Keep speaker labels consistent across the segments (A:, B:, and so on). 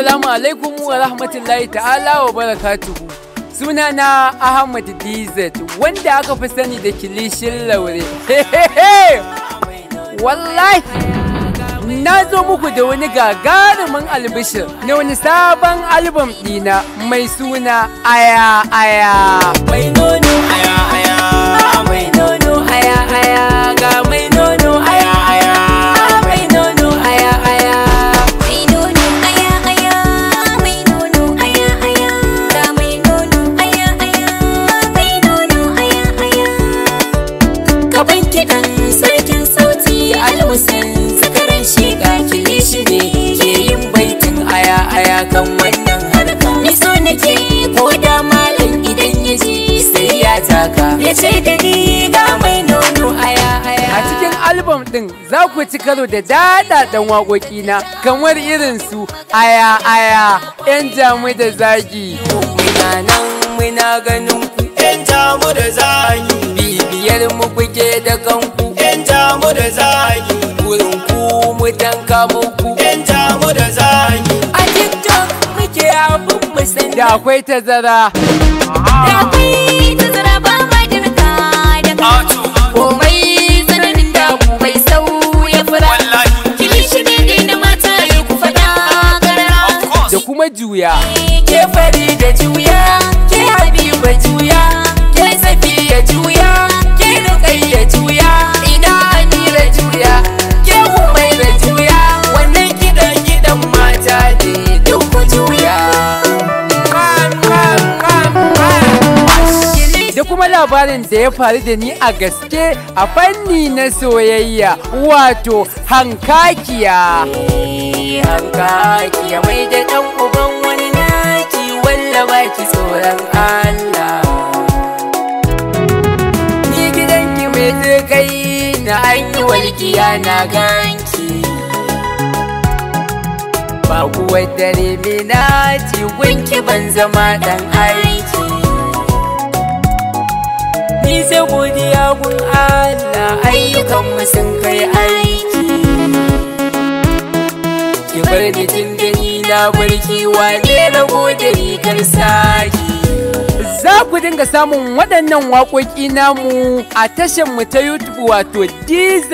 A: Assalamu alaikum wa rahmatullahi ta'ala wa barakatuhu. Suna na Ahmad DZ wanda aka fi sani da kilishin laure. Wallahi! Na zo muku da wani gagarumin albishir na wani sabon albam ɗina mai suna Aya Aya. Aya. ce da ni ga mai nono aya aya a cikin album din za ku ci karo da daɗaɗan waƙoƙi na kamar irin su aya aya yan jamu da zagi muna nan muna ganin ku yan jamu da zagi bibiyar mu kuke da kanku yan jamu da zagi wurin ku mu tanka muku yan jamu da zagi a tiktok muke abin mu da akwai tazara da akwai tazara labarin da ya faru da ni a gaske a fanni na soyayya wato hankakiya. Eh, hankakiya mai da ɗan uban wani naki walla baki tsoron Allah. Ni gidanki mai tsakai na an yi walkiya na ganki. Ba kuwa dare mai naci gunki ban zama ɗan aiki. Ni sai godiya gun Allah ayyukanmu sun kai aiki Ki bar ni jindani na barki wane na gode ni kar saki Za ku dinga samun waɗannan waƙoƙi namu a tashar mu ta YouTube wato DZ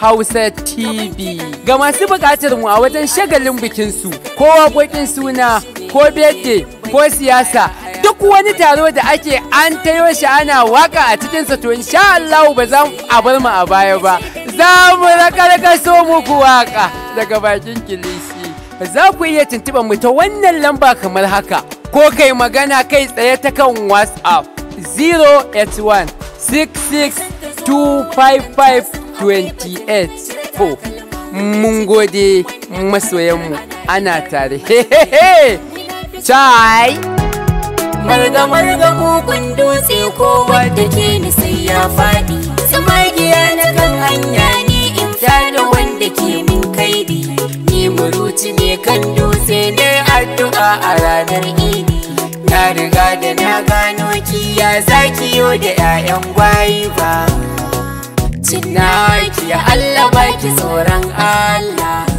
A: Hausa TV. Ga masu buƙatar mu a wajen shagalin bikin su, ko waƙoƙin suna ko birthday ko siyasa duk wani taro da ake an tayo shi ana waka a cikinsa to insha Allah ba za a bar mu a baya ba za mu rakarkaso muku waka daga bakin kilisi za ku iya tuntuɓar mu ta wannan lamba kamar haka ko kai magana kai tsaye ta kan whatsapp 081 255 mun gode masoyanmu ana tare. Chai! marga marga kukun dutse kowa ke ni sai ya faɗi samagiya na kan hanya ne in da wanda ke min kaidi ni muruci ne kan dutse ne addu'a a ranar idi na riga da na gano kiya zaki yo da 'ya'yan gwayi ba cinna ki Allah baki tsoron Allah